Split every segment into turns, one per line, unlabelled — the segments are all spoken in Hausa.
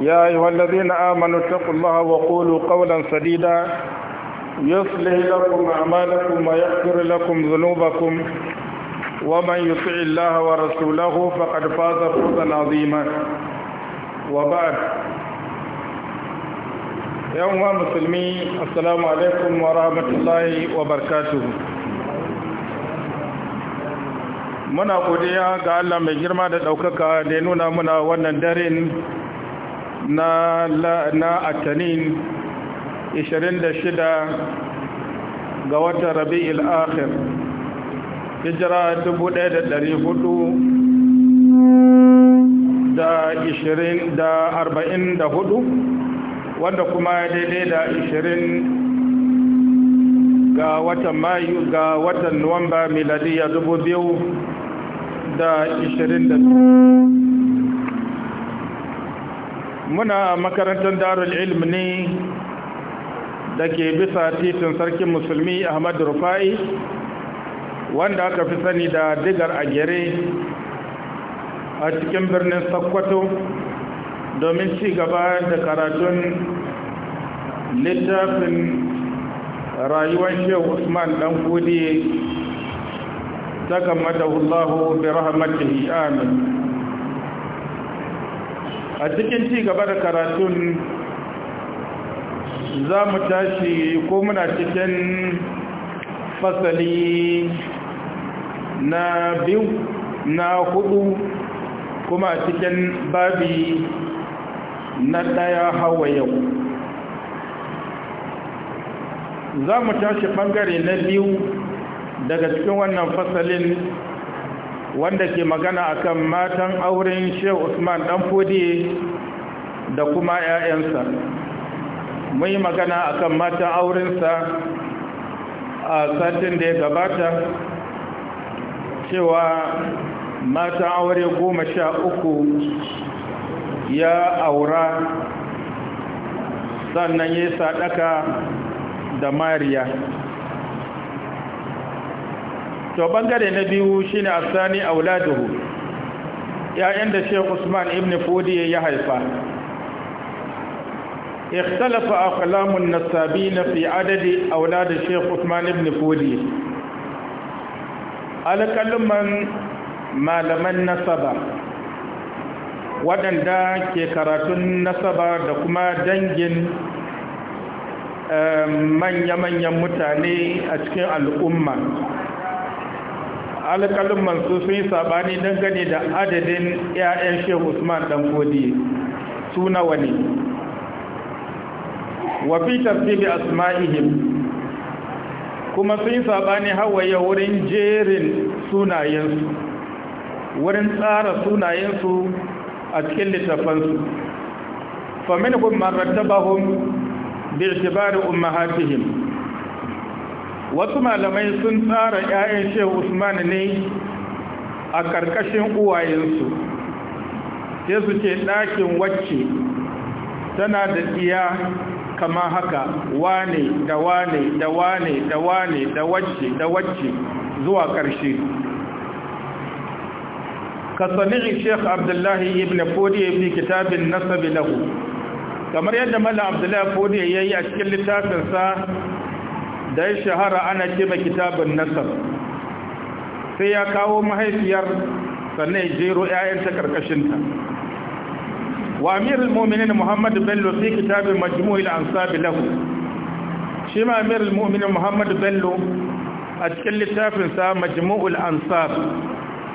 يا أيها الذين آمنوا اتقوا الله وقولوا قولا سديدا يصلح لكم أعمالكم ويغفر لكم ذنوبكم ومن يطع الله ورسوله فقد فاز فوزا عظيما وبعد يوم مسلمي السلام عليكم ورحمة الله وبركاته muna godiya ga Allah mai girma da ɗaukaka da ya nuna muna wannan daren na na atanin 26 ga watan rabi'il akhir hijira 1400 da 20 da wanda kuma daidai da 20 ga watan mayu ga watan nuwamba miladiya 2000 da 20 muna makarantar darul ilm ne da ke bisa titin sarkin musulmi ahmad rufa'i wanda aka fi sani da digar a gere a cikin birnin sokoto domin ci gaba da karatun littafin rayuwar shehu usman dan kudi saka madahullahu bi rahmatihi amin a cikin ci gaba da karatun za mu tashi ko muna cikin fasali na biyu na hudu kuma a cikin babi na daya hawa yau za mu tashi bangare na biyu daga cikin wannan fasalin wanda ke magana akan matan auren Sheikh Usman dan Fodi da kuma 'ya'yansa mun yi magana akan matan aurensa a satin da ya gabata cewa matan aure goma sha uku ya aura sannan ya sadaka da mariya to bangare na biyu shine asani auladuhu ya'yan da Sheikh Usman ibn Fudi ya haifa ikhtalafa aqlamun النسابين fi adadi aulad Sheikh Usman ibn Fudi alqalman malaman nasaba wadanda waɗanda ke karatun nasaba da kuma dangin eh, manya-manyan mutane a cikin al'umma alƙalin masu sun yi saɓani dangane da adadin 'ya'yan shehu usman ɗanfodi su nawa ne wafi a asma'ihim kuma sun yi saɓani hawaye wurin jerin sunayensu wurin tsara sunayensu a cikin littafansu famin kun maratabahun bi umar hafihim wasu malamai sun tsara 'ya'yan shehu usman ne a ƙarƙashin uwayensu sai su ce ɗakin wacce tana da tsiya kama haka wane da wane da wane da wane da wacce da wacce zuwa ƙarshe ka sani'i sheikh abdullahi ibn fodiye fi kitabin nasabi lahu kamar yadda mala abdullahi fodiye ya yi a cikin littafinsa da ya shahara ana ce kitabun nasar sai ya kawo mahaifiyar sannan ya jero 'ya'yanta ƙarƙashinta wa amirul mu'minin muhammadu bello fi kitabin majmu'il ansabi lahu shi ma amirul mu'minin muhammadu bello a cikin littafinsa majmu'ul ansab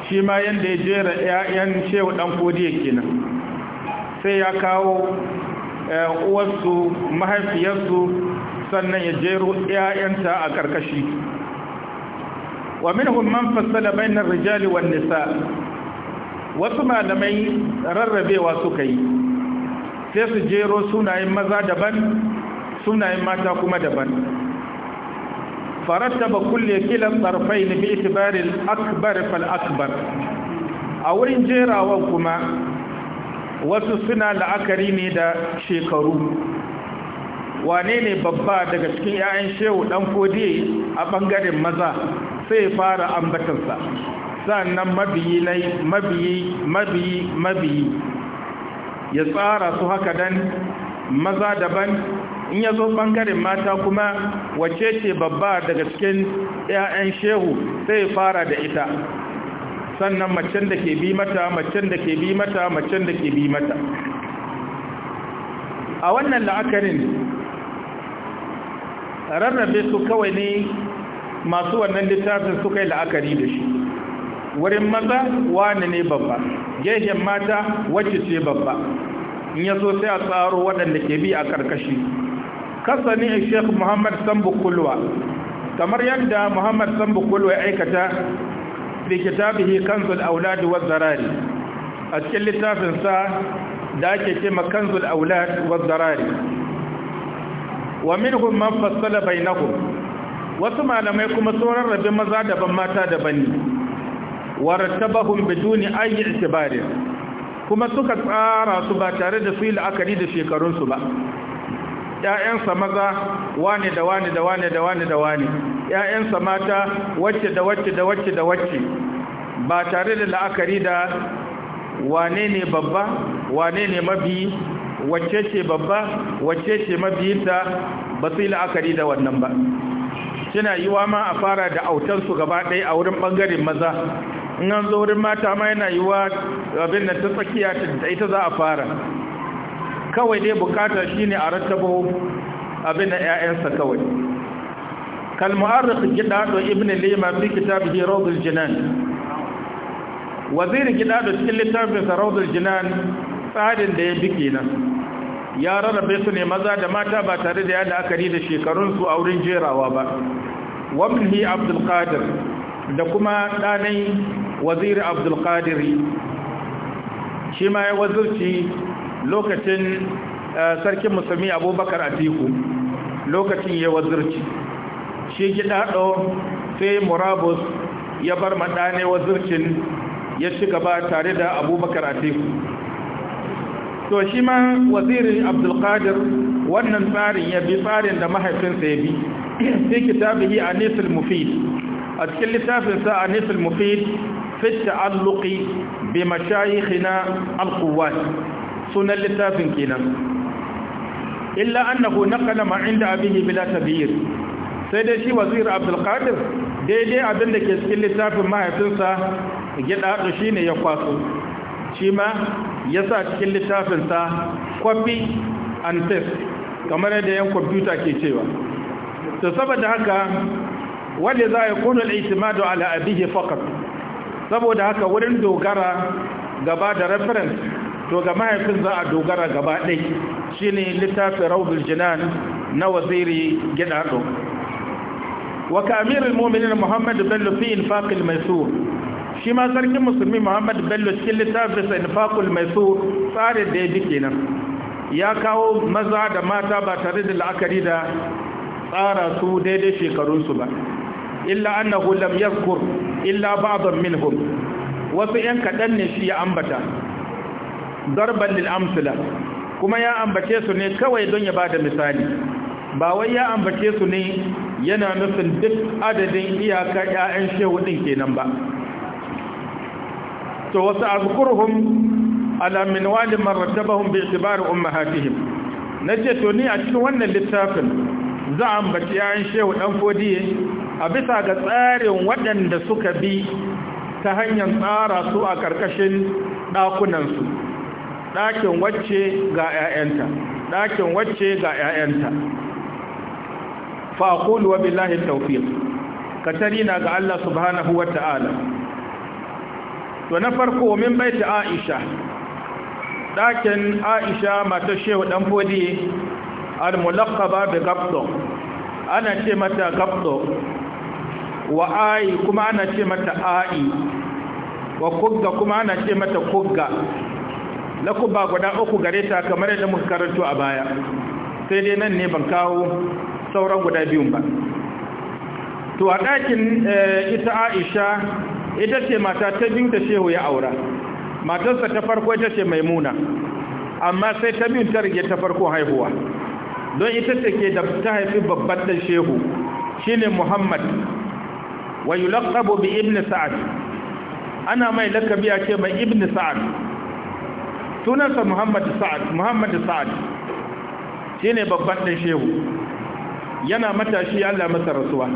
shi ma yadda ya jera 'ya'yan shehu dan kodiya kenan sai ya kawo eh, uwarsu mahaifiyarsu sannan ya jero ‘ya'yanta a ƙarƙashi wa minhum man fassala bainar rijali wan nisa wasu malamai rarrabewa suka yi sai su jero sunayen maza daban sunayen mata kuma daban farattaba kulle kilan tsarfai na biyu itibaril akbar fal akbar a wurin jerawa kuma wasu suna la'akari ne da shekaru wane ne babba daga cikin 'ya'yan shehu dan kodiye a bangaren maza sai fara ambatansa sannan mabiyi na mabiyi mabiyi mabiyi ya tsara su haka dan maza daban in ya zo bangaren mata kuma wace ce babba daga cikin 'ya'yan shehu sai fara da ita sannan macen da ke bi mata macen da ke bi mata macen da ke bi mata a wannan la'akarin rarrabe su kawai ne masu wannan littafin suka yi la'akari da shi wurin maza wani ne babba gehen mata wacce ce babba in ya zo sai a tsaro waɗanda ke bi a karkashi kasani sheikh muhammad sambu kulwa kamar yadda muhammad sambu kulwa ya aikata fi tabihi kansul aulad wa zarari a cikin littafinsa da ake ce ma kansul aulad wa zarari wa minhum man fassala bainahum wasu malamai kuma sauran rabin maza daban mata daban ne wa rattabahum biduni ayi itibari kuma suka tsara su ba tare da su yi la'akari da shekarunsu ba ‘ya'yansa maza wane da wane da wane da wane da wane ‘ya'yansa mata wacce da wacce da wacce da wacce ba tare da la'akari da wane ne babba wane ne mabi wacce ce babba wacce ce mabiyinta ba su yi la'akari da wannan ba suna wa ma a fara da autansu gaba ɗaya a wurin ɓangaren maza in an zo wurin mata ma yana wa abin da ta tsakiya da ita za a fara kawai dai bukata ne a rattabo abin da 'ya'yansa kawai gida ɗo ibn lima fi kitabihi rawdul jinan Wazirin gida ɗo cikin littafinsa sa rawdul jinan tsarin da ya bi kenan ya rarrabe su ne maza da mata ba tare da yada la'akari da shekarunsu a wurin jerawa ba wabnihi abdulkadir da kuma ɗanai waziri abdulkadiri shi ma ya wazirci lokacin eh, sarkin musulmi abubakar atiku lokacin ya wazirci shi ɗo sai murabus ya bar maɗane wazircin ya ci gaba tare da abubakar atiku to shi ma wazirin abdulkadir wannan tsarin ya bi tsarin da mahaifinsa ya bi fi kitabihi a nisul mufid a cikin littafinsa a nisul mufid fita alluki, bi hina alquwat sunan littafin kenan illa annahu naqala ma inda abihi bila tabir sai dai shi wazir abdulkadir daidai abin da ke cikin littafin mahaifinsa gida dadu shine ya kwaso shi ma ya sa cikin littafinsa copy and paste kamar da yan kwamfuta ke cewa ta saboda haka wanda za ya kunu al'itimadu ala ya faqat saboda haka wurin dogara gaba da reference to ga mahaifin za a dogara gaba ɗai ne littafin raudul jinan na waziri ɗo wa ka amirin mu'minin muhammad bello fi mai su shi ma sarkin musulmi muhammad bello cikin littafin sa infaqul maisur tsare da ya bi kenan ya kawo maza da mata ba tare da la'akari da tsara su daidai shekarunsu ba illa annahu lam yazkur illa ba'dhan minhum wasu yan kadan ne shi ya ambata darban lil amsala kuma ya ambace su ne kawai don ya bada misali ba wai ya ambace su ne yana nufin duk adadin iyaka ƴaƴan shehu din kenan ba to wasu azkurhum ala min wali man rattabahum bi itibari ummahatihim nace to ni a cikin wannan littafin za a ambaci yayin shehu dan fodiye a bisa ga tsarin waɗanda suka bi ta hanyar tsara su a ƙarƙashin ɗakunansu ɗakin wacce ga 'ya'yanta ɗakin wacce ga 'ya'yanta faƙulu wa billahi tawfiq katarina ga Allah subhanahu wa ta'ala to na farko min baita aisha ɗakin aisha mata shehu ɗan fodi al-mulaqaba bi gabdo ana ce mata gabdo wa ai kuma ana ce mata ai wa kugga kuma ana ce mata kugga lakuba guda uku gare ta kamar yadda muka karanto a baya sai dai nan ne ban kawo sauran guda biyun ba to a ɗakin eh, ita aisha ita ce mata ta biyu da shehu ya aura matarsa ta farko ita ce maimuna amma sai ta biyu ta rige ta farko haihuwa don ita ce ke da ta haifi babban ɗan shehu Shi ne muhammad wa laƙabo bi ibn sa'ad ana mai laƙabi a ce mai ibn sa'ad tunansa muhammad sa'ad muhammad sa'ad Shi ne babban ɗan shehu yana matashi Allah masa rasuwa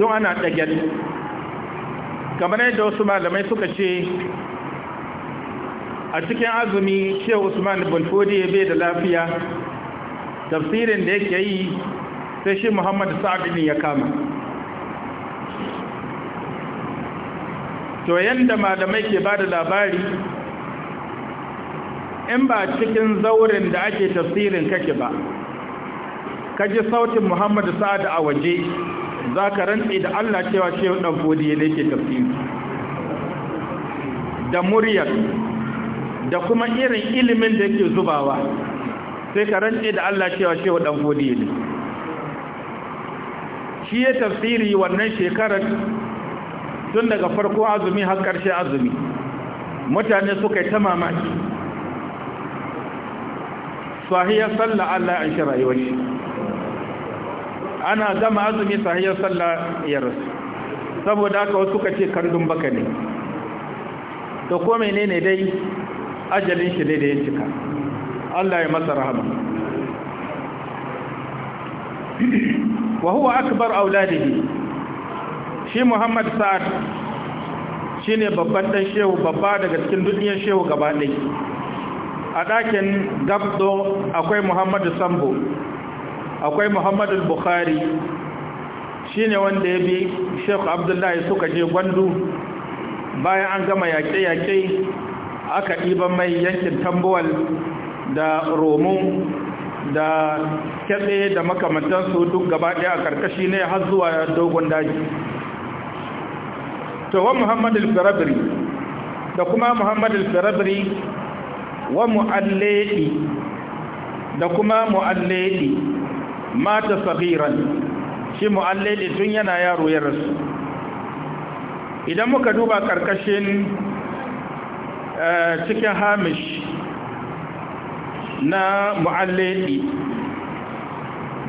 don ana dagen kamar yadda wasu malamai suka ce a cikin azumi shehu usman bin ya bai da lafiya tafsirin da yake yi sai shi Muhammadu sa'adu ne ya kama to yadda malamai ke ba da labari in ba cikin zaurin da ake tafsirin kake ba kaji sautin Muhammadu sa'adu a waje za ka rantse da Allah cewa ce ɗan fodiye ne ke tafiye da muryar da kuma irin ilimin da yake zubawa sai ka rantse da Allah cewa ce ɗan fodiye ne shi ya tafsiri wannan shekarar tun daga farko azumi har ƙarshe azumi mutane suka yi ta mamaki sahiyar sallah Allah ya an shi rayuwar shi ana gama azumi sahiyar sallah ya rasu saboda haka wasu ce kandun baka ne to ko menene dai ajalin shi ne da ya cika Allah ya masa rahama wa huwa akbar auladihi shi Muhammad Sa'ad shine babban dan shehu babba daga cikin dukiyar shehu gaba ɗaya a ɗakin gabdo akwai Muhammad Sambo akwai Muhammadu buhari bukhari shi ne wanda ya bi shek abdullahi suka je gwandu bayan an gama yaƙe-yaƙe aka ɗiba mai yankin tambuwal da romu da kyaɗe da makamantansu duk gaba ɗaya a ƙarƙashi ne har zuwa dogon daji to wa Muhammadu Firabiri da kuma Muhammadu Firabiri wa mu'alledi da kuma mu'alledi mata sahiran shi mu'allaili tun yana yaro ya rasu idan muka duba karkashin eh, cikin hamish na mu'allaili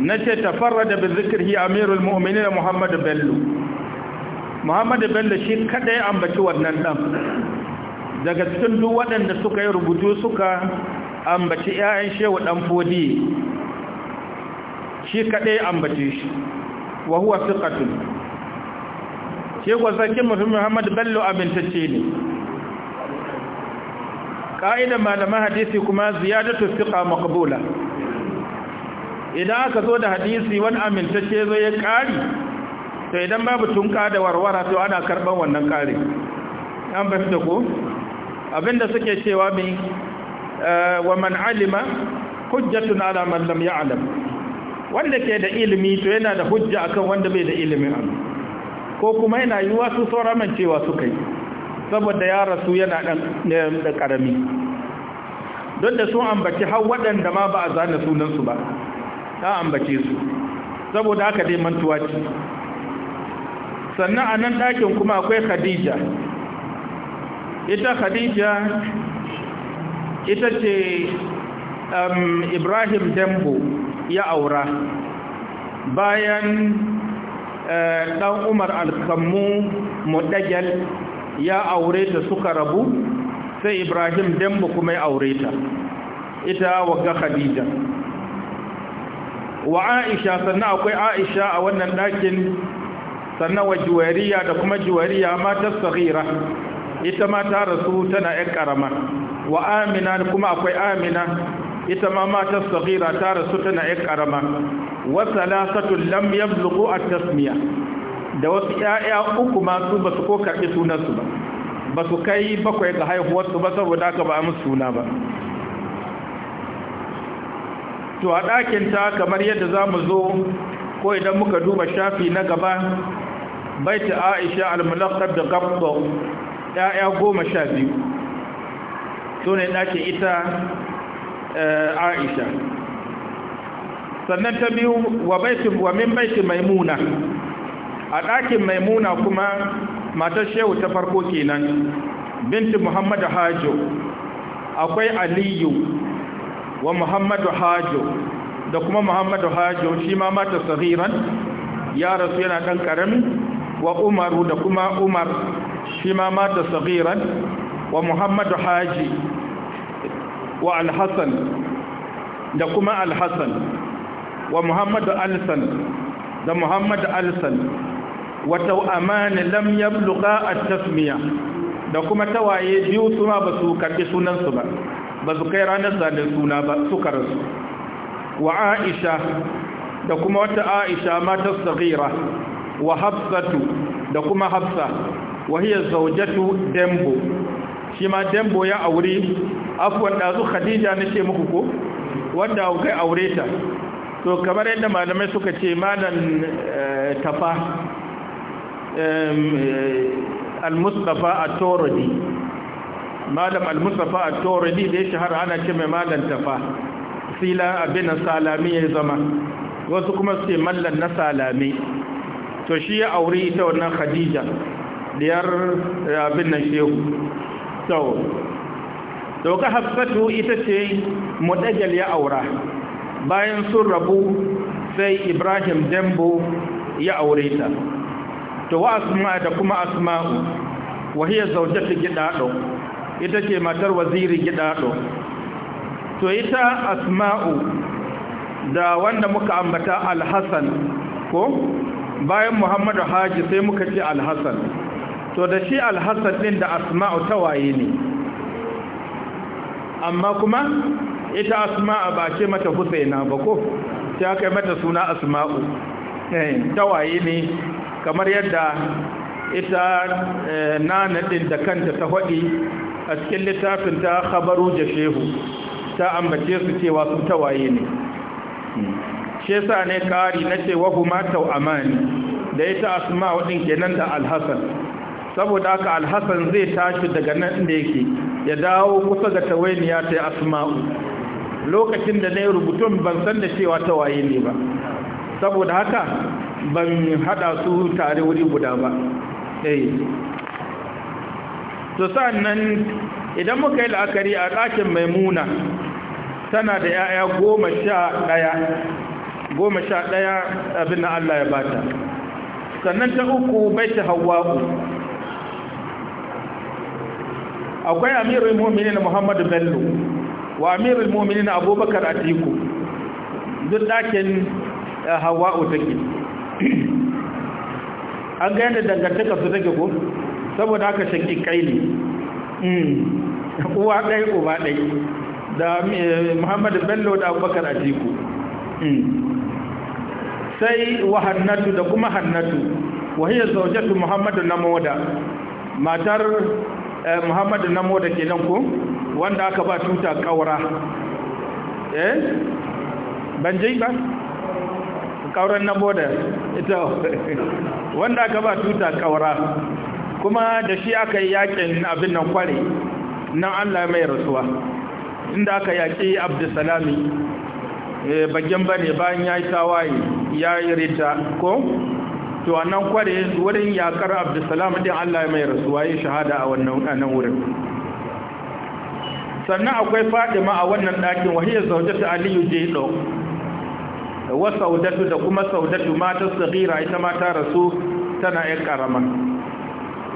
na ce tafarra da bizikirhi amirul muhammadu bello muhammadu bello shi kadai ambaci wannan dan daga cikin duk waɗanda suka yi rubutu suka ambaci 'ya'yan shewa ɗan shi kaɗai ambace shi wa huwa siqatun shi kuwa sarkin mutum Muhammad Bello amintacce ne ka'idar malaman hadisi kuma ziyadatu siqa makabula idan aka zo da hadisi wani amintacce zo ya ƙari to idan babu tunka da warwara to ana karɓar wannan ƙari an ba da ku, abinda suke cewa mai eh, wa man alima hujjatun ala man lam wanda ke da ilimi to yana da hujja akan wanda bai da ilimi an ko kuma yana yiwuwa su sauraman cewa suka yi saboda ya rasu yana da karami don da sun ambaci har waɗanda ma ba a zana sunansu ba ta ambace su saboda haka dai mantuwa ce sannan a nan ɗakin kuma akwai khadija ita khadija ita ce um, ibrahim Dembo. ya aura bayan eh, ɗan umar alkammu muɗagyal ya aure ta suka rabu sai ibrahim dembo kuma ya aure ta ita waga khadija wa aisha sannan akwai aisha a wannan ɗakin sannan wa juwariya da kuma juwariya matar sahira ita ma ta rasu tana ‘yan ƙarama wa amina kuma akwai amina ita ma matar saghira ta rasu tana yan karama wa salasatu lam yablughu at-tasmiya da wasu 'ya'ya uku ma su basu ko karbi sunan su ba su kai bakwai ga haihuwar su ba saboda haka ba musu suna ba to a ɗakin ta kamar yadda zamu zo ko idan muka duba shafi na gaba baita Aisha al-mulaqab da gabdo 'ya'ya goma sha biyu to ne ɗakin ita aisha sannan ta biyu wa baitin wa min baitin maimuna a ɗakin maimuna kuma matar shehu ta farko kenan binti muhammadu hajo akwai aliyu wa muhammadu hajo da kuma muhammadu hajo shi ma mata sahiran ya rasu yana ɗan ƙarami wa umaru da kuma umar shi ma mata sahiran wa muhammadu haji wa alhassan da kuma alhassan wa muhammadu alsan da muhammadu Alhassan wa tau'amani lam yabluqa a tasmiya da kuma tawaye biyu su ma ba su karbi sunansu ba ba su kai ranar zane suna ba su rasu wa aisha da kuma wata aisha matar sagira wa hafsatu da kuma hafsa wa hiya zaujatu dembo shi ma dembo ya auri afwan ɗazu khadija na ce muku ko wanda kai aure ta to kamar yadda malamai suka ce malan eh, tafa eh, al-mustafa at-turidi malam al-mustafa at-turidi da ya shahara ana ce mai malan tafa sila abin salami ya zama wasu kuma su ce mallan na salami to shi ya aure ita wannan khadija diyar eh, abin nan shehu doka hafsatu ita ce mudajjal ya aura bayan sun rabu sai ibrahim dambo ya aure ta to wa asma da kuma asma'u wahiyar zaujatu gidado ita ce matar waziri gidado to ita asma'u da wanda muka ambata alhassan ko bayan muhammadu haji sai muka ce alhassan to da shi alhassan ɗin da asma'u ta waye ne amma kuma ita asma'a ba ce mata husaina ba ko ta kai mata suna asma'u eh, tawaye ne kamar yadda ita eh, nana din da kanta ta faɗi a cikin littafin ta khabaru da shehu ta ambace su cewa su tawaye ne shi yasa ne kari na cewa kuma tau'amani da ita asma'u din kenan da alhassan saboda haka alhassan zai tashi daga nan da yake ya dawo kusa ga tawainiya ta yi asma'u lokacin da na yi rubutun ban san da cewa ta waye ne ba saboda haka ban hada su tare wuri guda ba eh to sannan idan muka yi la'akari a ɗakin maimuna tana da 'ya'ya goma sha ɗaya goma abin Allah ya bata sannan ta uku bai ta hawa'u akwai amirul mu'minin Muhammad Bello wa amirul mu'minin Abubakar Atiku duk dakin eh, hawa take an ga yadda dangantaka su take ko saboda haka shaki kaili. uwa ɗaya uba ɗaya. da eh, Muhammad Bello da Abubakar Atiku sai wa hannatu da kuma hannatu wahiyar zaujatu Muhammadu na moda matar Eh, muhammadu namo da ke nan ko wanda aka ba tuta kaura eh ban jai ba kauran namo da ita wanda aka ba tuta kaura kuma da shi aka yi yakin abin nan kware nan allah mai rasuwa inda aka yaƙi abdusalami eh, bagen ne bayan ya yi tawaye ya yi rita ko to a kware wurin yakar abdulsalam din allah mai rasuwa ya shahada a wannan wurin sannan akwai fadima a wannan ɗakin wahiyar zaujatu aliyu do wa saudatu da kuma saudatu matar sagira ita mata rasu tana ‘yan ƙarama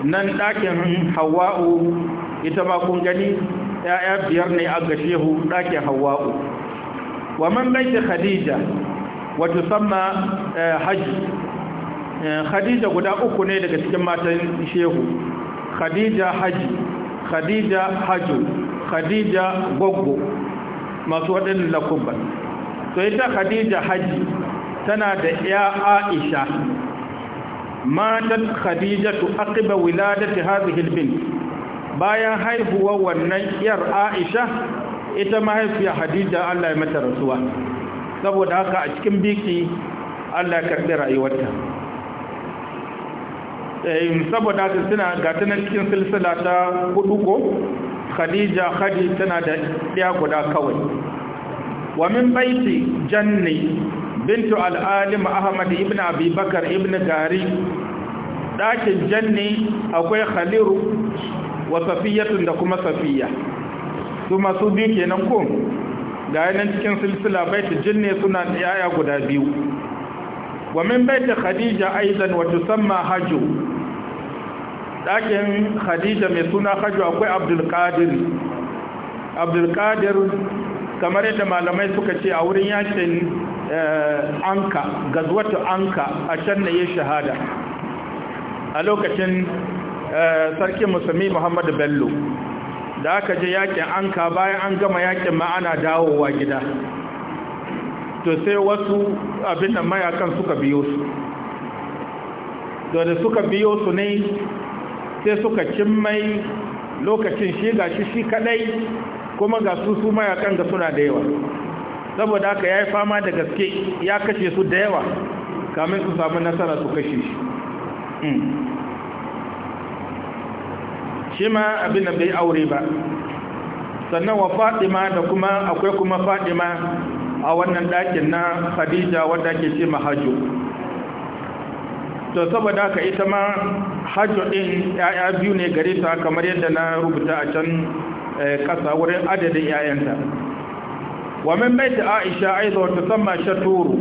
nan ɗakin hawa'u ita ba kun gani ‘ya'ya biyar ne a gashehu ɗakin hawa'u wa man baita khadija wato tusamma eh, hajji Eh, khadija guda uku ne daga cikin matan shehu khadija haji khadija haju khadija goggo masu waɗannan lakuban to ita khadija haji tana da ya aisha matan khadijatu aqiba wiladati hadhihi albint bayan haihuwar wannan yar aisha ita mahaifiya hadija Allah ya mata rasuwa saboda haka a cikin biki Allah ya karbi rayuwarta Eh, saboda ta suna gata na cikin silsila ta hudu ko khadija khadi tana da ɗaya guda kawai wa min baiti janni bintu al'alim ahmad ibn abi bakar ibn gari ɗakin janni akwai khaliru wa safiyatun da kuma safiya su masu biyu kenan ko ga nan cikin silsila baiti janni suna yaya guda biyu wa min baiti khadija aidan wa tusamma hajju ɗakin khadija mai suna hajju akwai abdulkadir abdulkadir kamar yadda malamai suka ce a wurin yakin eh, anka gazwatu anka a can na yi shahada a lokacin eh, sarki musulmi muhammadu bello da aka je yakin anka bayan an gama yakin ma'ana dawowa gida to sai wasu abin da mayakan suka biyo su da suka biyo su ne sai suka mai lokacin shi ga shi shi kadai kuma ga su su mayakan da suna da yawa saboda haka ya yi fama da gaske ya kashe su da yawa kamin su samu nasara su kashe shi hmm. shi ma abin da bai aure ba sannan wa fadima da kuma akwai kuma fadima a wannan dakin na khadija wadda ke ce mahajo to saboda haka ita ma hajjo ɗin ‘ya'ya biyu ne gare ta kamar yadda na rubuta a can eh, ƙasa wurin adadin ‘ya'yanta wa min baiti aisha aiza wata sama shaturu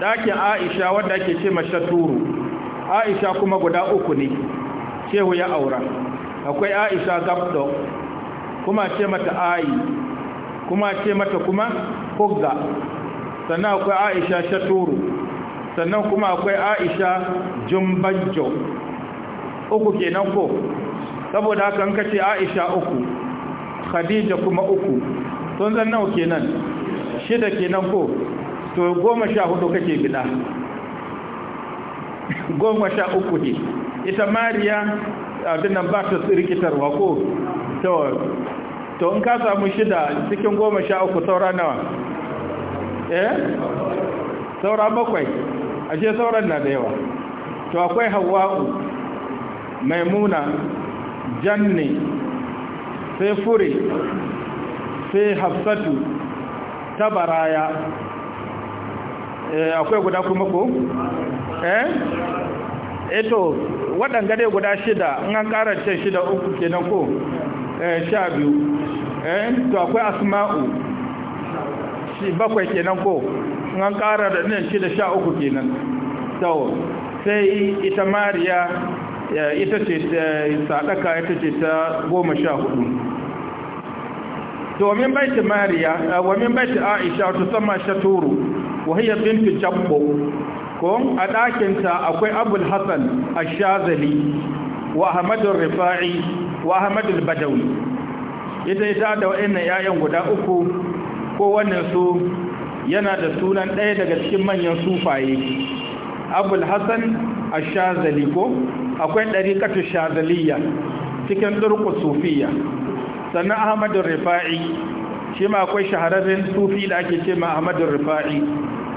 ɗakin aisha wadda ake ce ma shaturu aisha kuma guda uku ne shehu ya aura akwai aisha gabdo kuma ce mata ayi kuma ce mata kuma hugga sannan akwai aisha shaturu sannan kuma akwai aisha jumbajo. uku kenan ko saboda haka an kace Aisha uku Khadija kuma uku to zan nawa kenan shida kenan ko to goma sha hudu kake bida goma sha uku ne ita Mariya abin nan ba ta rikitarwa ko to to in ka samu shida cikin goma sha uku saura nawa eh saura bakwai ashe sauran na da yawa to akwai hawa'u maimuna janne sai fure sai hafsatu ta baraya eh, akwai guda kuma ko? eh? eto eh waɗanga dai guda shida in an ƙara ce shida uku kenan ko eh, sha biyu eh to akwai asma'u shi bakwai kenan ko in an ƙara da ne shida sha uku kenan to sai ita mariya Eh, ita ce eh, sadaka ita ce ta goma sha hudu domin baiti mariya bai eh, baiti aisha ta sama shaturu wahiyar binti jabbo ko a ɗakinta akwai abul hassan shazali wa hamadun rifa'i wa hamadun badawi ita ita da wa'annan 'ya'yan guda uku kowannen su yana da sunan ɗaya daga cikin manyan sufaye abul hassan A shazali ko akwai ɗariƙatu shazaliya cikin ɗurku sufiya sannan ahmadu rifa'i shi ma akwai shahararren sufi da ake ce ma ahmadu rifa'i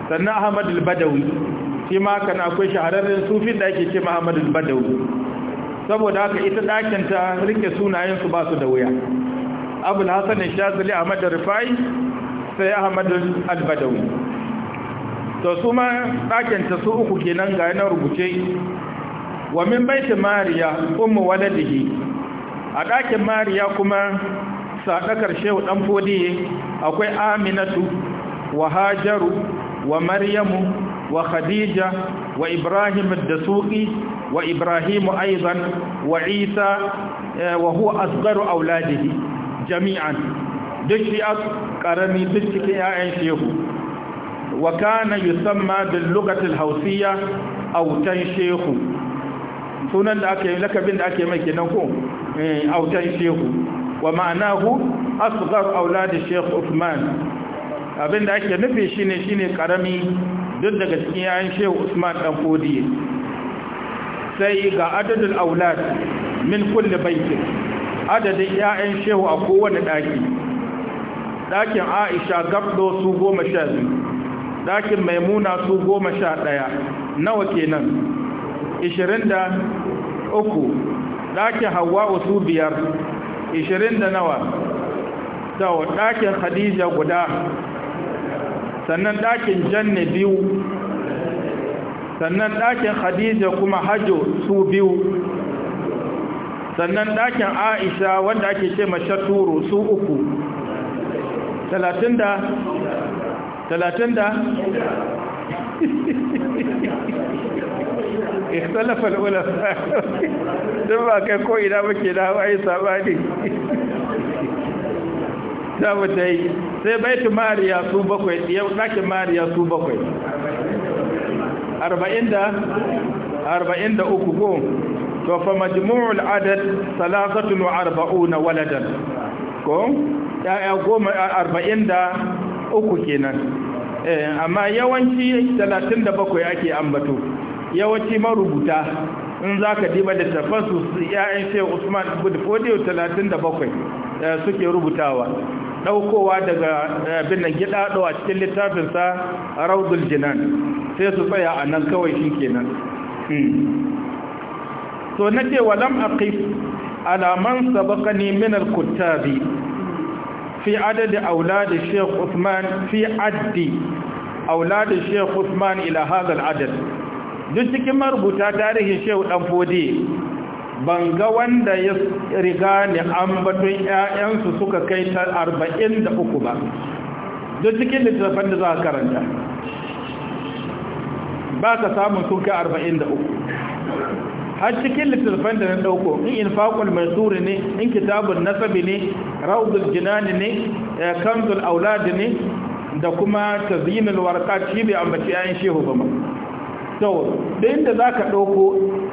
sannan ahmadu badawi shi ma kan akwai shahararren sufi da ake ce ma ahmadu badawi saboda haka ita ɗakinta rike sunayensu ba su da wuya abul hasanin shazali ahmadu rifa'i sai ahmadu albadawi to su ma ɗakinta su uku kenan ga yana rubuce wa min baiti mariya ummu waladihi a ɗakin mariya kuma saɗakar shehu ɗan fodiye akwai aminatu wa hajaru wa maryamu wa khadija wa ibrahim da suƙi wa ibrahimu aizan wa isa eh, wa huwa asgaru auladihi jami'an duk shi a ƙarami duk cikin 'ya'yan shehu وكان يسمى باللغة الهوسية أو تنشيخ sunan da aka yi lakabin da ake mai kenan ko eh, autan shehu wa ma'anahu asghar auladi sheikh Usman abinda ake nufi shine shine karami duk daga cikin yayin shehu Usman dan Fodiye sai ga adadul aulad min kulli baitin adadin yayin shehu a kowane daki dakin Aisha gabdo su goma sha biyu. ɗakin maimuna su goma sha ɗaya nawa kenan ishirin da uku ɗakin hawa su biyar ishirin da nawa tawa ɗakin khadija guda sannan ɗakin janne biyu sannan ɗakin khadija kuma Hajo su biyu sannan ɗakin aisha wanda ake ce mashaturu su uku talatin da talatin da ikhtalafa al-ulama duk ba kai ko ina muke da hawaye sabani za mu dai sai baitu mariya su bakwai yau dakin mariya su bakwai arba'in da arba'in da uku ko to fa majmu'ul adad salasatun wa arba'una waladan ko ya'ya goma arba'in da uku kenan eh, amma yawanci 37 ake ambato yawanci marubuta in za ka diba da tafasu ya'yan shi usman budfodiyo 37 eh, suke rubutawa ɗaukowa daga eh, binnan gida a cikin littafinsa raudul jinan sai su tsaya a nan kawai shi kenan so hmm. na ce walam aqif alaman sabakani min al-kuttabi fi adadi auladi Sheikh Uthman fi addi cikin marubuta tarihin Sheikh Dan Fodi ban ga wanda ya riga ne ambaton ƴaƴansu suka kai ta 43 ba duk cikin littafin za karanta ba ka samun sun kai har cikin littattafan da na dauko in infaqul mansuri ne in kitabun nasabi ne rawdul jinan ne eh, kanzul aulad ne da kuma tazyinul warqat shi bai ambaci ayin shehu ba ma to da inda zaka dauko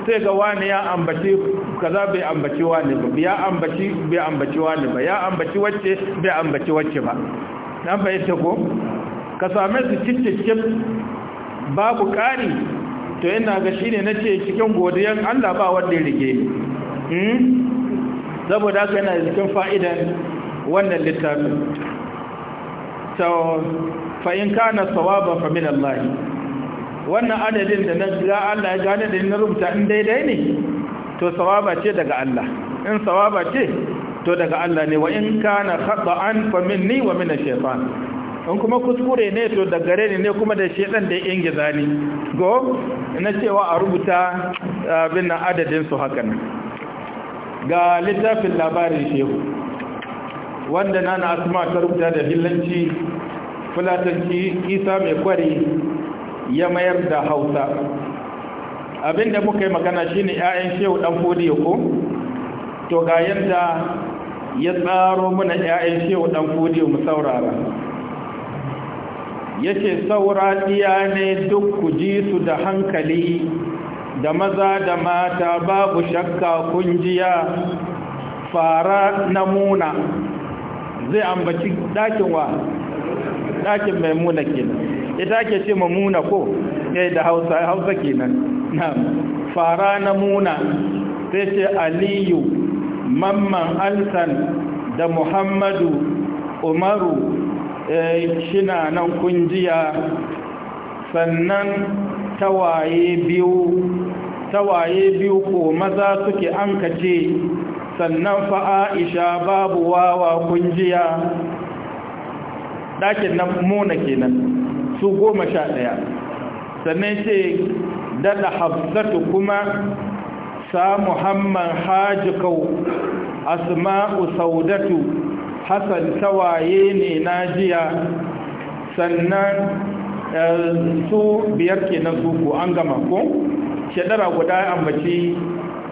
sai ga wani ya ambaci kaza bai ambaci wani ba ya ambaci bai ambaci wani ba ya ambaci wacce bai ambaci wacce ba nan bai ta ko ka same su cikin babu kari. to yana ga shi ne na ce cikin godiyar allah ba wanda ya rige hmm? saboda haka yana cikin fa'idan wannan littafin so fa'in kana sawaba fa min allahi wannan adadin da na ga allah ya gane da na rubuta in daidai ne to sawaba ce daga allah in sawaba ce to daga allah ne wa in kana khata'an fa minni wa min ash-shaytan in kuma kuskure ne to da gare ni ne kuma da shedan da yin ingiza go na cewa a rubuta abin nan adadin su hakan ga littafin labarin shehu wanda nana asma ta rubuta da hillanci fulatanci isa mai kwari ya mayar da hausa abinda muka yi magana shine 'ya'yan shehu dan ya ko to ga yadda ya tsaro mana 'ya'yan shehu dan fodiyo mu saurara yace saura diya ne duk ku ji su da hankali da maza da mata babu shakka kunjiya fara namuna zai ambaci dakin wa dakin mai muna kenan ita ke ce muna ko yayi eh, da Hausa Hausa kenan na'am fara namuna sai ce aliyu mamman alsan da muhammadu umaru Eh, shina nan jiya sannan tawaye biyu tawaye biyu ko maza suke ankace sannan fa Aisha babu wawa jiya ɗakin nan na kenan su goma sha ɗaya sannan ce daɗa hafsatu kuma sa muhammad hajjikau asma'u saudatu hasan tawaye ne na jiya sannan eh, su biyar ke na suku an gama ko Shaɗara guda ambaci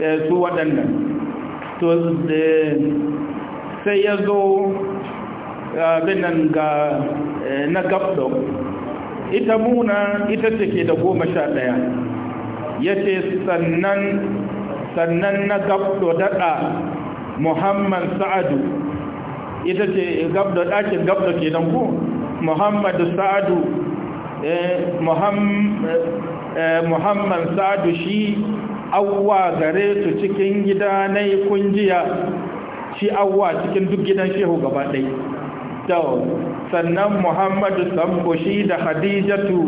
eh, su waɗannan to eh, sai ya zo abin nan ga na gabdo ita muna ita take da goma sha ɗaya ya ce sannan sannan na gabdo daɗa muhammad sa'adu ita ce gabda ɗakin gabda ke nan ku muhammadu sa'adu eh, eh, muhammad sa'adu shi awwa gare su cikin gida na kungiya shi awwa cikin duk gidan shehu gaba ɗai sannan muhammadu sambo shi da hadijatu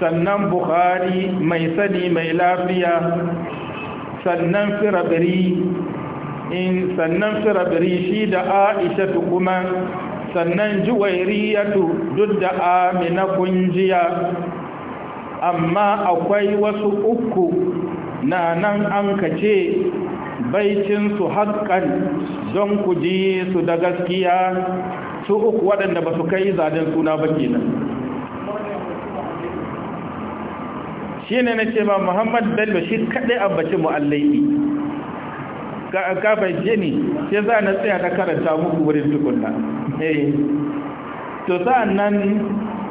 sannan bukhari mai sani mai lafiya sannan firabiri in eh, sannan firabiri shi da aishatu kuma sannan juwairiyatu duk da amina kunjiya amma akwai wasu uku na nan an kace baicinsu haƙƙan don ku ji su da gaskiya su uku waɗanda ba su kai zaɗin suna ba nan shi ne na ce ba muhammad bello shi kaɗai abbaci mu'allai'i ka fahimce ni sai za na tsaya ta karanta muku wurin tukunna eh. to sa'an nan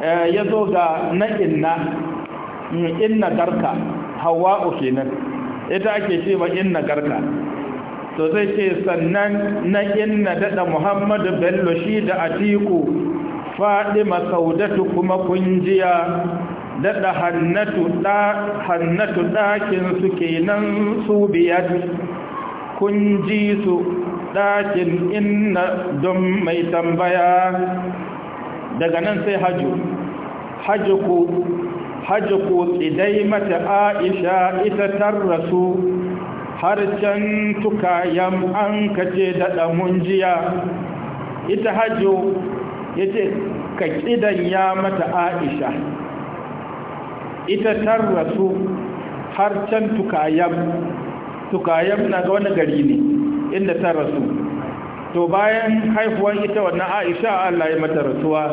eh, ya zo ga na inna mm, inna garka hawa'u kenan ita ake ce ba inna garka to zai ce sannan na inna dada muhammadu bello shi da atiku faɗi saudatu kuma kungiya dada hannatu ɗakin su kenan su biyar kun ji su ɗakin inna don mai tambaya daga nan sai hajju hajju ku hajju ku tsidai mata aisha ita su har can tukayen an kace da ɗamun munjiya ita hajju ya ce ka ya mata aisha ita su har can tukayen tukayam na ga wani gari ne inda ta rasu to bayan haifuwan ita wannan aisha Allah ya mata rasuwa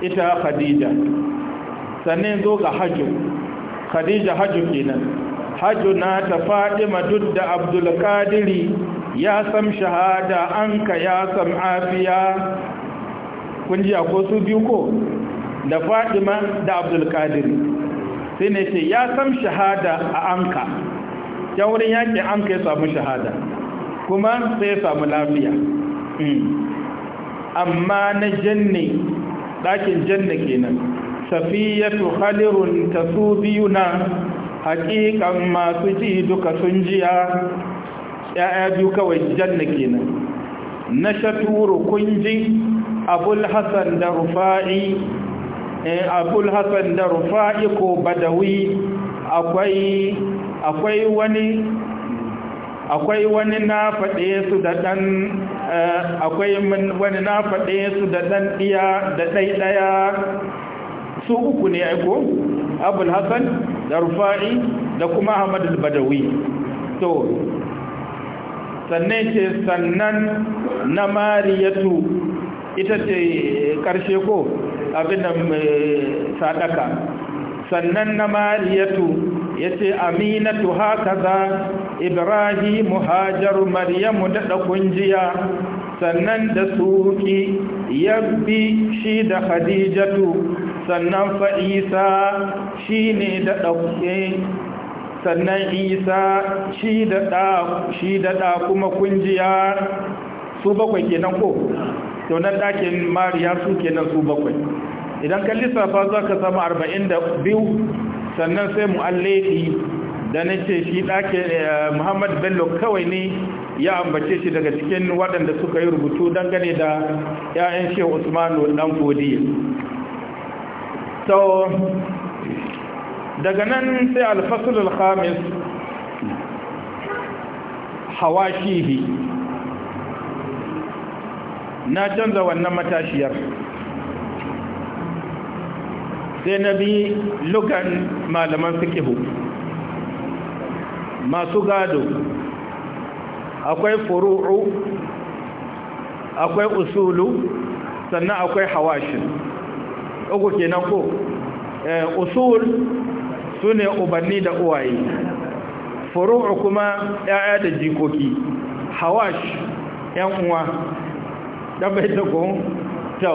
ita khadija sannan zo ga hajju khadija hajju kenan hajju na ta fatima duk da abdul kadiri ya sam shahada an ka ya sam afiya kun ji ko su biyu ko da fatima da abdul kadiri sai ne ce ya sam shahada a anka ya wurin yaƙi an kai samu shahada kuma sai samu lafiya hmm. amma na janne ɗakin janna kenan safiyatu su biyu na. haƙiƙan masu ji duka sun jiya ‘ya'ya biyu kawai janne kenan na shaturu kunji abul hassan da rufa'i eh, abul da rufa'i ko badawi akwai akwai wani akwai wani na faɗe su da ɗan eh, akwai wani na faɗe su da ɗan ɗiya da ɗai ɗaya su uku ne aiko abul hassan da rufa'i da kuma ahmad al-badawi to sannan ce sannan na mariyatu ita ce ƙarshe ko abin da eh, sadaka sannan na mariyatu yace aminatu hakaza ibrahimu hajaru maryamu da kunjiya sannan da suki bi shi da khadijatu sannan fa isa ne da dauke sannan isa shi da da shi da da kuma kunjiya su bakwai kenan ko to nan ɗakin mariya su kenan su bakwai idan kan lissafa za ka samu 42 sannan sai mu'alliki da na ce shi ɗake eh, muhammad bello kawai ne ya ambace shi daga cikin waɗanda suka yi rubutu dangane da 'ya'yan shi usmanu dan godiya so daga nan sai alfasul alhamis hawashihi na canza wannan matashiyar sai na bi lugan malaman fikihu masu gado akwai furu'u akwai usulu sannan akwai hawashin uku kenan ko eh, usul su ne ubanni da uwaye furu'u kuma 'ya'ya da jikoki hawash 'yan uwa ɗan bai ta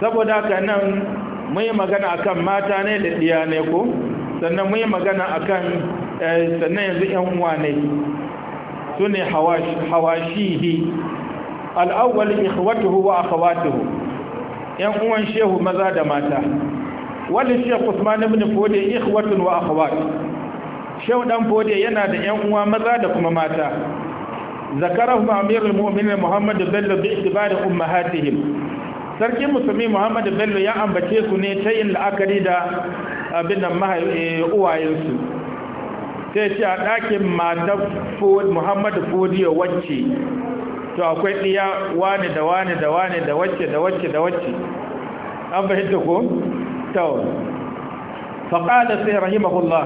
saboda ka nan mun yi magana akan mata ne da ɗiya ne ko sannan mun yi magana akan eh, sannan yanzu yan uwa ne su ne hawashihi al'awwal ikhwatuhu wa akhawatuhu yan uwan shehu maza da mata wani shekh usman ibn fode ikhwatun wa akhawat shehu dan fode yana da yan uwa maza da kuma mata zakarahum amirul mu'minin muhammad bello bi ihtibari ummahatihim sarki musulmi muhammadu bello ya ambace su ne ta yin la'akari da abin nan eh, uwayensu sai ce a ɗakin mata muhammadu fodiyo wacce to akwai ɗiya wani da wani da wani da wacce da wacce da wacce an fahimta ko? Tau. faƙada sai rahimahullah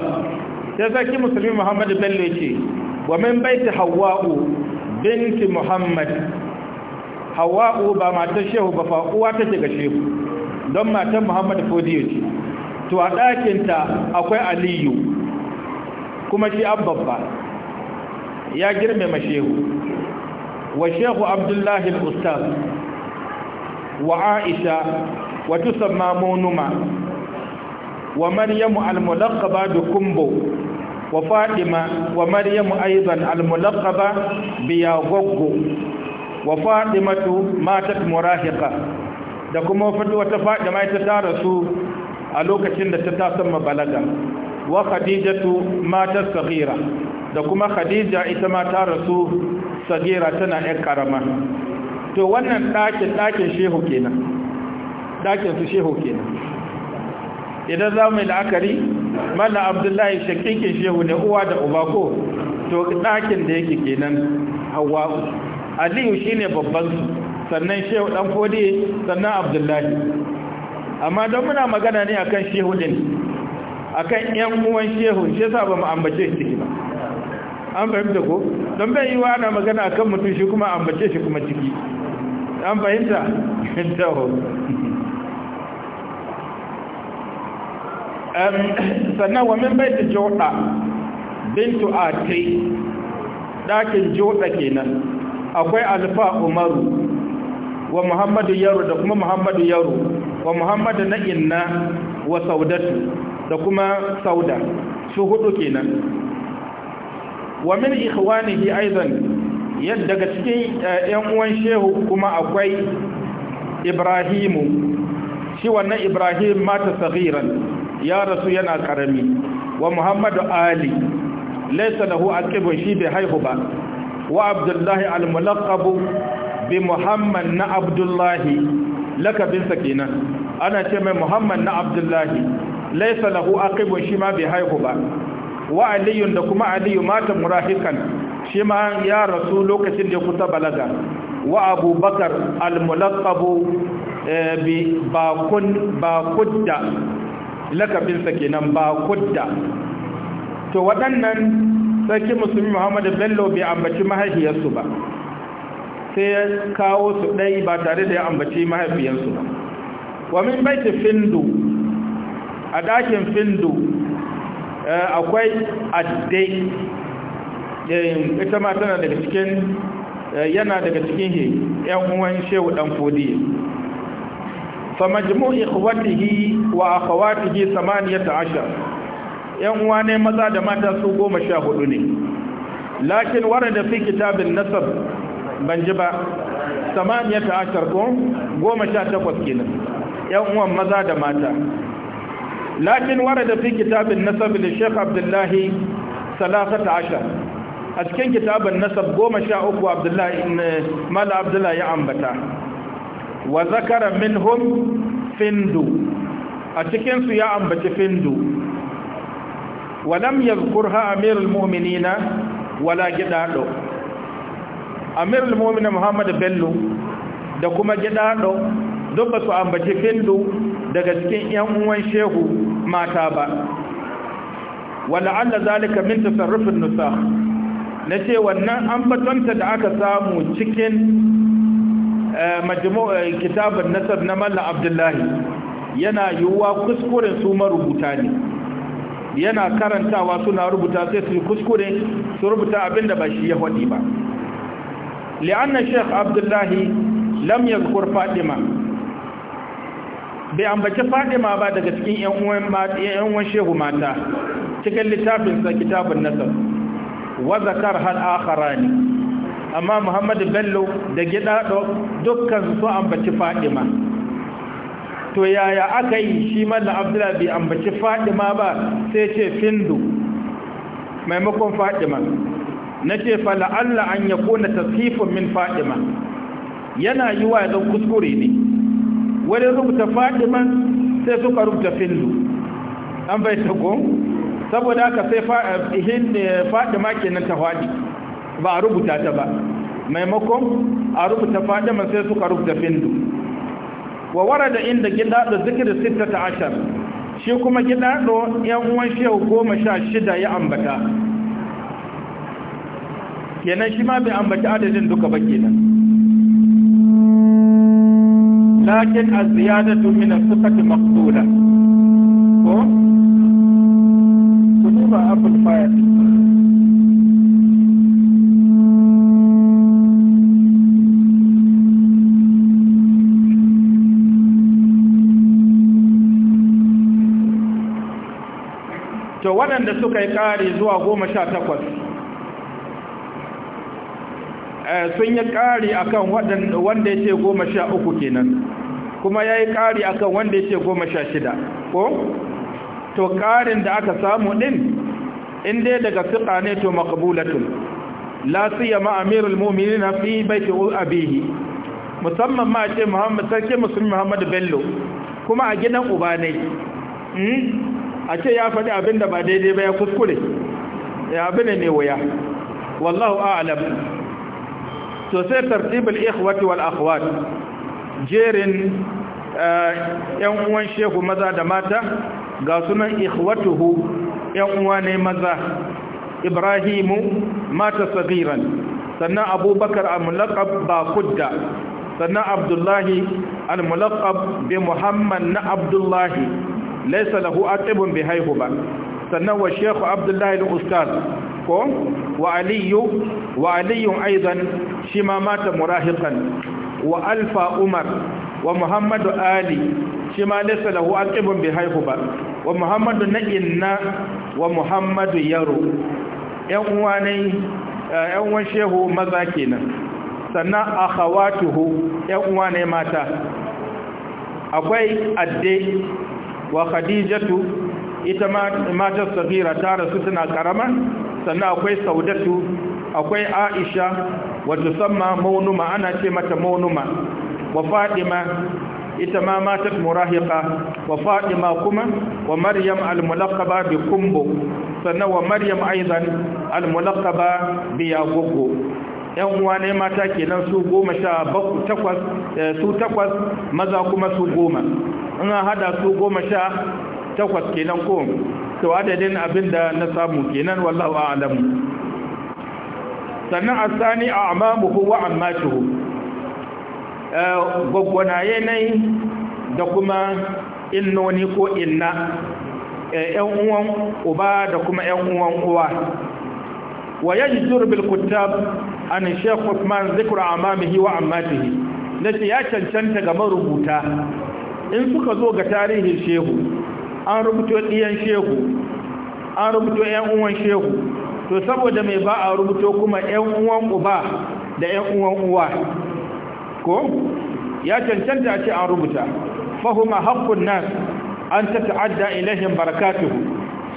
sai sarki musulmi muhammadu bello ce wa min baiti hawa'u binti muhammad hawa'u ba matar shehu ba uwa take ga shehu don matar muhammad fodiyo ce to a ɗakinta akwai aliyu kuma shi abbabba ya ma shehu wa shehu abdullahi al-ustaz wa aisha wa tusamma munuma wa maryamu al-mulaqaba kumbo wa fadima wa maryamu aidan al-mulaqaba bi wa fatimatu matat murahiqa da kuma wata fatima ita ta rasu a lokacin da ta tasan mabalaga wa khadijatu matat saghira da kuma khadija ita ma ta rasu saghira tana yar karama to wannan ɗakin dakin shehu kenan ɗakin su shehu kenan idan za mu yi la'akari mana abdullahi shakikin shehu ne uwa da uba ko to ɗakin da yake kenan hawa'u aliyu shine babban su sannan shehu dan kodi sannan abdullahi amma don muna magana ne akan shehu din akan yan uwan shehu shi yasa ba mu ambace shi ba an fahimta ko don bai yi wa ana magana akan mutum shi kuma ambace shi kuma ciki an fahimta dawo sannan wa min bai ta joda bintu a kai ɗakin joda kenan akwai alfa umaru wa muhammadu yaro da kuma muhammadu yaro wa muhammadu na inna wa saudatu da kuma sauda su hudu kenan wa min ikhwanihi aidan yadda daga cikin eh, yan uwan shehu kuma akwai ibrahimu shi wannan ibrahim mata saghiran ya rasu yana karami wa muhammadu ali laysa lahu aqibun shi bai haihu ba wa abdullahi al-mulaqabu bi muhammad na abdullahi lakabinsa kenan ana ce mai muhammad na abdullahi laisa lahu aqibun shi ma bai haihu ba wa aliyun da kuma aliyu mata murahikan shima ma ya rasu lokacin da ya kusa balaga wa abubakar al-mulaqabu eh, bi bakun bakudda lakabinsa kenan bakudda to waɗannan sarki musulmi muhammadu bello bai ambaci mahaifiyarsu ba sai ya kawo su ɗai ba tare da ya ambaci mahaifiyarsu ba wamin baiti findu a dakin findu eh, akwai addai eh, ita ma tana daga cikin eh, yana daga cikin he ‘yan uwan shehu ɗan fodi fa majmu'i ikhwatihi wa akhawatihi 18 yan uwa ne maza da mata su goma sha hudu ne lakin da fi kitabin nasar ban ji ba samaniyata ashar ko goma sha takwas kenan yan uwan maza da mata lakin da fi kitabin nasar da sheikh abdullahi salasata ashar a cikin kitabin nasar goma sha uku eh, mala abdullahi ya ambata wa zakara minhum findu a cikinsu ya ambaci findu walam yadhkurha amirul mu'minina wala gidado amirul mu'minina muhammad bello da kuma gidado duk ba su ambaci bello daga cikin yan uwan shehu mata ba wala anna zalika min tasarrufin nusa na ce wannan an fatanta da aka samu cikin eh, majmu'ar eh, kitabun nasab na Malla abdullahi yana yiwuwa kuskuren su marubuta ne yana karantawa suna rubuta sai su kuskure su rubuta abin da ba shi ya faɗi ba li'anna sheikh abdullahi lam yazkur fatima bai ambaci fatima ba daga cikin yan uwan shehu mata cikin littafinsa kitabun nasar wa zakar hal akharani amma muhammad bello da gida dukkan su ambaci fatima to yaya aka yi shi mallan abdullahi bai ambaci fadima ba sai ce findu maimakon fadima na ce Allah an ya kona tasifin min fadima yana yi wa zan kuskure ne wani rubuta fadima sai suka rubuta findu an bai tago saboda aka sai eh, eh, fadima kenan ta hwadi ba a rubuta ta ba maimakon a rubuta fadima sai suka rubuta findu wa warada inda da zikir 16 shi kuma gidado yan uwan shehu goma sha shida ya ambata kenan shi ma bai ambata adadin duka ba kenan lakin az-ziyadatu min as-sifati maqsura ko kuma abin fayl to waɗanda suka yi ƙari zuwa goma sha takwas eh, sun yi ƙari akan wanda ya ce goma sha uku kenan kuma ya yi ƙari akan wanda ya ce goma sha shida ko to ƙarin da aka samu ɗin in dai daga fiƙa ne to makabulatun lasiya ma'amirul mumini na fi baiti abihi musamman ma ce muhammad sarki musulmi muhammad bello kuma a gidan uba ne hmm? a ce ya faɗi abin da ba daidai ba ya kuskure ya abin ne waya wallahu a'lam to sai tartibul ikhwati wal akhwat jerin eh, yan uwan shehu maza da mata ga sunan ikhwatuhu ƴan uwa ne maza ibrahimu mata sagiran sannan abubakar al-mulaqab kudda. sannan abdullahi al-mulaqab bi muhammad na abdullahi laysa lahu atibun bi haihuba sannan wa sheikh abdullahi al-ustaz ko wa aliyu wa aliyu aidan shima mata murahiqan wa alfa umar wa muhammadu ali shi ma laysa lahu atibun bi haihuba wa muhammadu na'inna wa muhammadu yaro yan uwa eh, yan uwan shehu maza kenan sannan akhawatuhu yan uwa ne mata akwai adde wa khadijatu ita matar safira ta rasu tana karama sannan akwai saudatu akwai aisha wata samma maunuma ana ce mata maunuma wa fatima ita ma matat murahiqa wa fatima kuma wa maryam almulaqaba bi kumbo sannan wa maryam aidan almulaqaba bi yaqub ƴan uwa ne mata kenan su goma sha bakwai takwas eh, su takwas maza kuma su goma ana an hada su goma sha takwas kenan ko to adadin abin da na samu kenan wallahu a'lam sannan asani a amamuhu wa ammatuhu eh, gwaggwanaye ne da kuma innoni ko inna eh, ‘yan uwan uba da kuma ‘yan uwan uwa wa ya ji kutab an shekhu usman zikura amamihi wa ammatihi na ya cancanta ga marubuta in suka zo ga tarihin shehu an rubuto ɗiyan shehu an rubuto ‘yan uwan shehu to saboda mai ba a rubuto kuma ‘yan uwan uba da ‘yan uwan uwa ko ya cancanta a ce an rubuta fahuma haƙƙun nas an ta ta'adda ilahin barakatuhu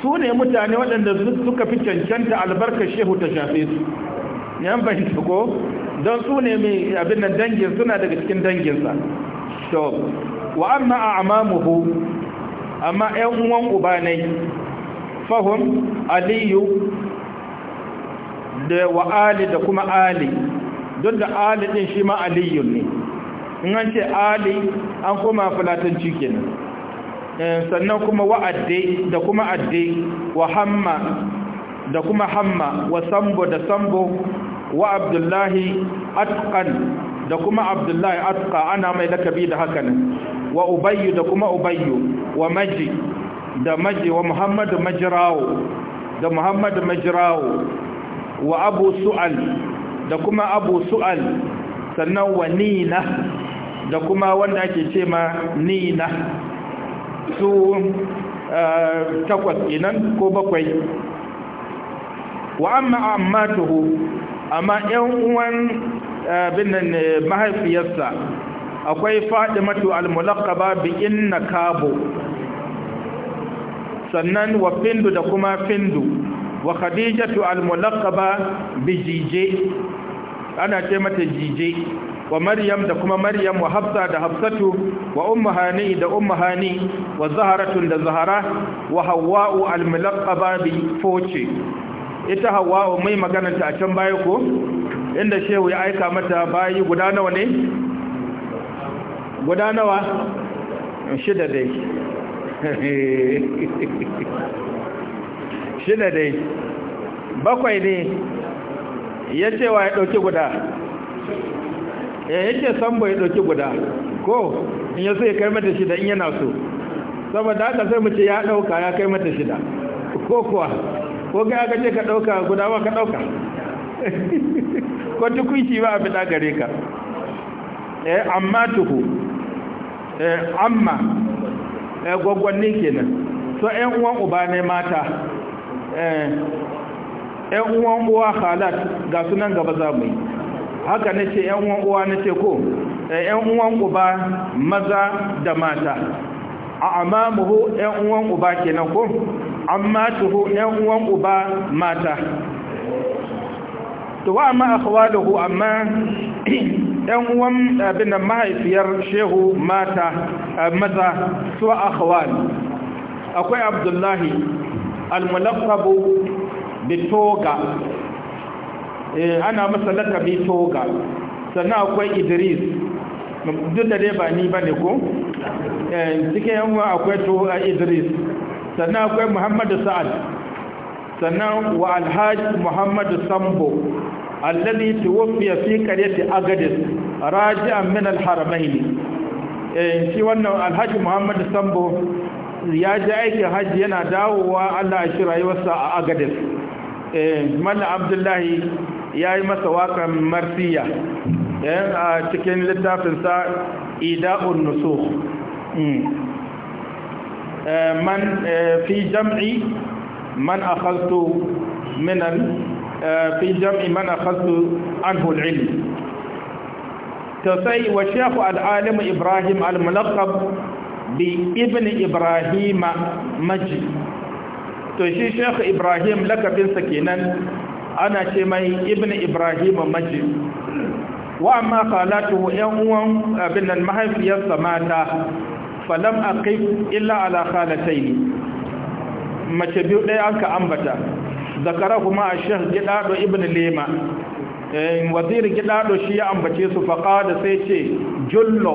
su ne mutane waɗanda suka fi cancanta albarka shehu ta shafe su yan fahimta ko don su ne mai abin nan dangin suna daga cikin danginsa to wa amma a'mamuhu amma ƴan uwan ubanai ne fahum aliyu da wa ali da kuma ali don da ali din shi ma aliyu ne in an ce ali an koma fulatanci ne eh, sannan kuma wa'adde da kuma adde wa hamma da kuma hamma wa sambo da sambo wa abdullahi atqan da kuma abdullahi atqa ana mai lakabi da haka ne wa ubayyu da kuma ubayyu wa maji da maji wa muhammadu majirawo da muhammadu majirawo wa abu su'al da kuma abu su'al sannan wa nina da kuma wanda ake ce ma nina su eh, takwas inan ko bakwai wa amma amma tuhu amma 'yan uwan abin nan eh, mahaifiyarsa akwai fadimatu al-mulaqaba bi inna kabo sannan wa findu da kuma findu wa khadijatu al-mulaqaba bi jije ana ce mata jije wa maryam da kuma maryam wa hafsa da hafsatu wa ummu hani da ummu hani wa zaharatun da zahara wa hawwa'u al-mulaqaba bi foce ita hawwa'u mai magana ta a can baya ko inda shehu ya aika mata bayi guda nawa ne guda nawa shida dai shida dai bakwai ne ya cewa ya ɗauki guda eh, ya ce sambo ya ɗauki guda ko in ya so ya kai mata shida in yana so saboda haka sai mu ce ya ɗauka ya kai mata shida ko kuwa ko ga aka ce ka ɗauka guda wa ka ɗauka ko tukunci wa a fita ka eh amma tuhu eh amma eh gwaggwanni kenan so ƴan uwan uba ne mata eh ƴan uwan uwa halat ga sunan gaba za haka yi ce nace uwan uwa nace ko ƴan eh, uwan uba maza da mata a muhu ƴan uwan uba kenan ko amma tuhu ƴan uwan uba mata to wa amma akhwaluhu amma ɗan uwan abin da mahaifiyar shehu mata eh, maza su akhwal akwai abdullahi al-mulaqabu bi toga eh, ana masa lakabi toga sannan akwai idris duk da dai ba ni ba ne ko eh, cikin uwa akwai to idris sannan akwai muhammadu sa'ad sannan wa alhaji muhammadu sambo alladhi tuwfiya fi qaryati agadis raji'an min al-haramayn eh shi wannan alhaji muhammad sambo ya ji aikin haji yana dawowa Allah ya shi rayuwarsa a agadis eh malla abdullahi ya yi masa wakan marsiya a cikin littafinsa ida'un nusukh man fi jam'i man akhadtu min al fi jam'i man akhadtu anhu al-ilm sai wa shaykh al ibrahim al-mulaqab bi ibn ibrahim maji to shi shaykh ibrahim lakabinsa kenan ana ce mai ibn ibrahim maji wa amma khalatuhu yan uwan abin nan mahaifiyarsa mata falam aqif illa ala ne. mace biyu ɗaya aka ambata zakarahuma ash-shaykh gidado ibn lema wazir gidado shi ya ambace su faqada sai ce jullo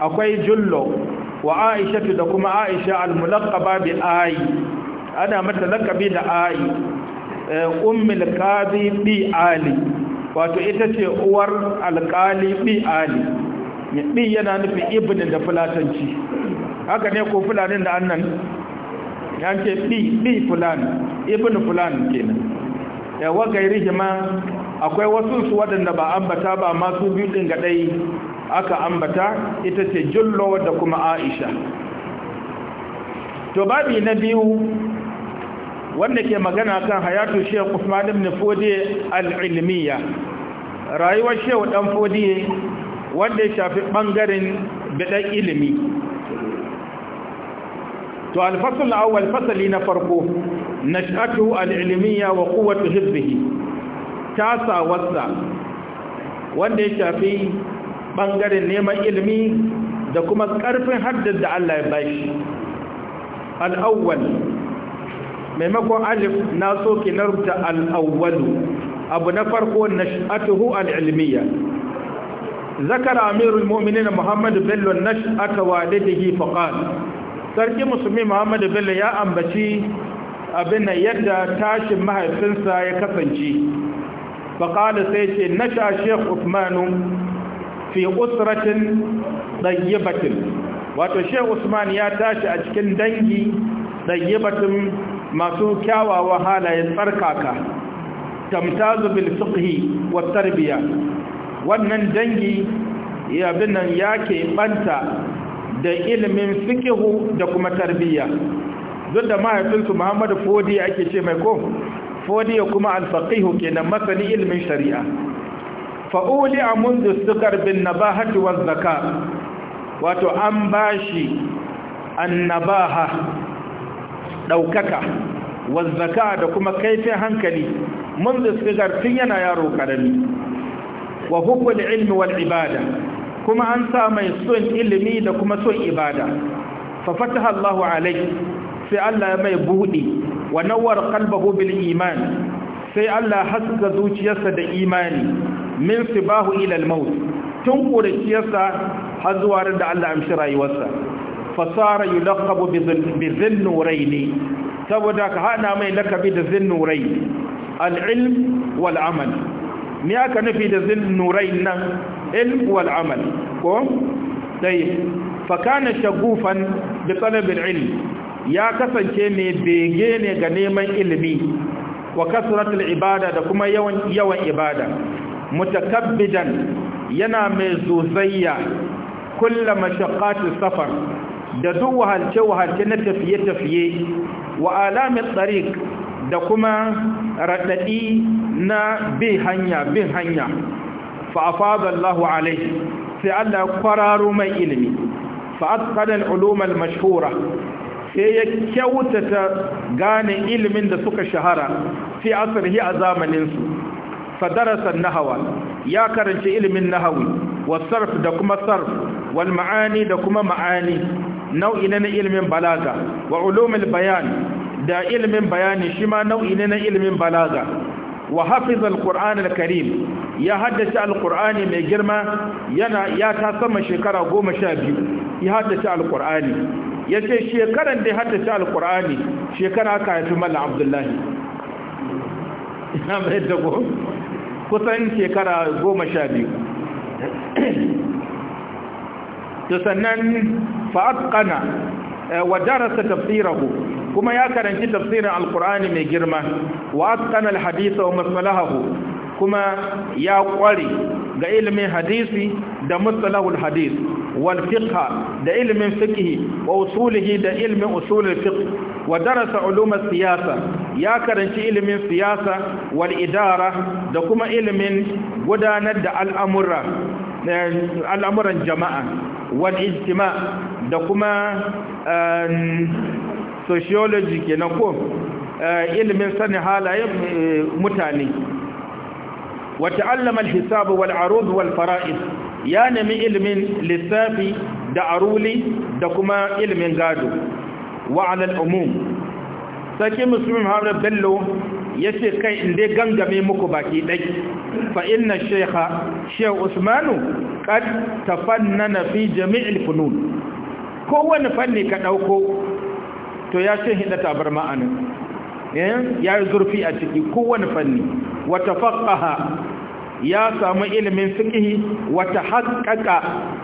akwai jullo wa aisha da kuma aisha al-mulaqaba bi ai ana mata laqabi da ai ummul bi ali wato ita ce uwar alkali bi ali bi yana nufin ibn da haka ne ko fulanin da annan ya ce ɗi fulan ibn fulan kenan yawa gairi jima akwai wasu su waɗanda ba ambata ba masu biyu ɗin ɗai aka ambata ita ce jullo da kuma aisha to babi na biyu wanda ke magana kan hayatu shehu Usman ibn Fodi al-ilmiya rayuwar shehu dan Fodi wanda ya shafi ɓangaren bidan ilimi to alfasul awwal fasali na farko nash'atu al-ilmiya wa quwwatu hifzihi tasa wasa wanda ya shafi bangaren neman ilimi da kuma karfin haddar da Allah ya bashi al-awwal maimakon alif na so ki narta al-awwalu abu na farko nash'atuhu al-ilmiya ذكر أمير المؤمنين محمد بن نشأة والده فقال sarki musulmi muhammadu bello ya ambaci abin nan yadda tashin mahaifinsa ya kasance faƙala sai ce nasha sheikh usmanu fi usratin ɗayyibatin wato sheikh usman ya tashi a cikin dangi ɗayyibatin masu kyawawa halayen tsarkaka tamta bil fiqhi wa tarbiya wannan dangi ya binan ya keɓanta da ilimin fikihu da kuma tarbiyya duk da mahaifinsu muhammadu fodiya ake ce mai ko fodiya kuma alfaqihu kenan masani ilimin shari'a fa'uli a mundu sukar bin nabahati wa zaka wato an bashi annabaha ɗaukaka wa da kuma kaifin hankali mundu sukar tun yana yaro ƙarami wa hukul ilmi wal ibada kuma an sa mai son ilimi da kuma son ibada Fafata Allahu alai sai Allah mai buɗe wa nawwar qalbahu bil iman sai Allah haska zuciyarsa da imani min sibahu ila al maut tun kurciyarsa har zuwa da Allah amshi rayuwarsa Fasara sara yulaqabu bi dhil saboda ka hana mai lakabi da zin nurai wal amal ni aka nufi da zin nurai nan ilm wal amal ko dai fa kana shagufan bi talab al ilm ya kasance mai bege ne ga neman ilimi wa kasratul ibada da kuma yawan yawan ibada mutakabbidan yana mai zuzayya kulla mashaqqatis safar da duk wahalce wahalce na tafiye tafiye wa alamin tariq da kuma raɗaɗi na bin hanya bin hanya fa afada alaihi sai Allah kwararo mai ilimi fa atqada mashura ulum sai ya kyautata gane ilimin da suka shahara fi asrihi a zamaninsu. su fa ya karanci ilimin nahawi wa sarf da kuma sarf wal ma'ani da kuma ma'ani nau'i na ilimin balaga wa ulumul bayan da ilimin bayani shi ma nau'i na ilimin balaga wa hafiz alqur'an alkarim ya haddace alqur'ani mai girma ya ta sama shekara goma sha biyu ya haddace Ya ce shekaran da ya haddace alqur'ani shekara aka haifi mallam abdullahi ina mai da ko kusan shekara 12 to sannan fa atqana eh, wa darasa tafsirahu kuma ya karanci tafsirin alkur'ani mai girma wa atqana alhadisa wa maslahahu kuma ya kware ga ilimin hadisi da mustalahul hadis wal da ilimin fiqh wa usulihi da ilimin usulul fiqh wa darasa ulum siyasa ya karanci ilimin siyasa wal idara da kuma ilimin gudanar da al'amura eh, al'amuran jama'a wal ijtima da kuma eh, sociology kenan ko eh, ilimin sani halayen eh, mutane wata allama hisabu wal arud wal fara'id ya nemi ilimin lissafi da aruli da kuma ilimin gado wa alal umum Sarkin musulmi muhammad bello ya ce kai inda gangame muku baki ɗai fa inna shekha shehu usmanu kad tafannana fi jami'il funun kowane fanni ka ɗauko to ya ce hida tabar ma'anin eh, ya yi zurfi a ciki kowane fanni wata faƙaha ya samu ilimin fikihi wata haƙaƙa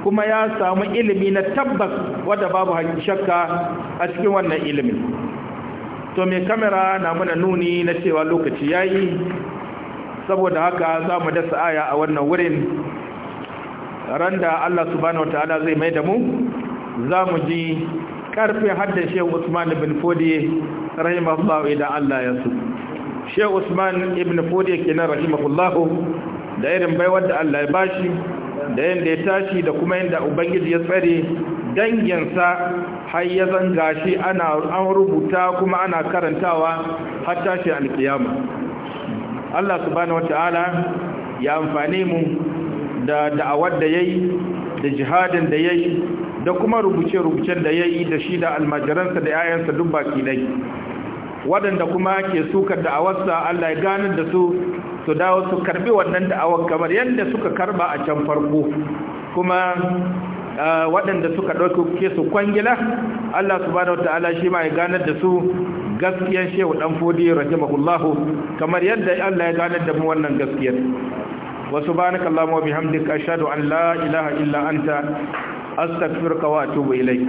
kuma ya samu ilimi na tabbas wadda babu shakka a cikin wannan ilimin to mai kamera na muna nuni na cewa lokaci ya yi saboda haka za mu dasa aya a wannan wurin randa Allah subhanahu wa ta'ala zai mai da mu za mu ji karfe hadda shehu usman ibn Fodi rahimahullahu idan allah ya su shehu usman ibn fodiye kenan rahimahullahu da irin baiwar da allah ya bashi da yadda ya tashi da kuma yadda ubangiji ya tsare danginsa har ya zanga shi ana an rubuta kuma ana karantawa har tashi alkiyama Allah subhanahu wata'ala ya amfani mu da da'awar da yayi da jihadin da yayi da kuma rubuce-rubucen da ya yi da shi da almajiransa da 'ya'yansa duk baki dai waɗanda kuma ke sukar da'awarsa Allah ya ganin da su su dawo su karbi wannan da'awar kamar yadda suka karba a can farko kuma waɗanda suka ɗauke su kwangila Allah su subhanahu wata'ala shi ma ya ganar da su gaskiyar shehu ɗan fodi rahimahullahu kamar yadda Allah ya ganar da mu wannan gaskiyar wa kallama wa bihamdika ashadu an la ilaha illa anta استغفرك واتوب اليك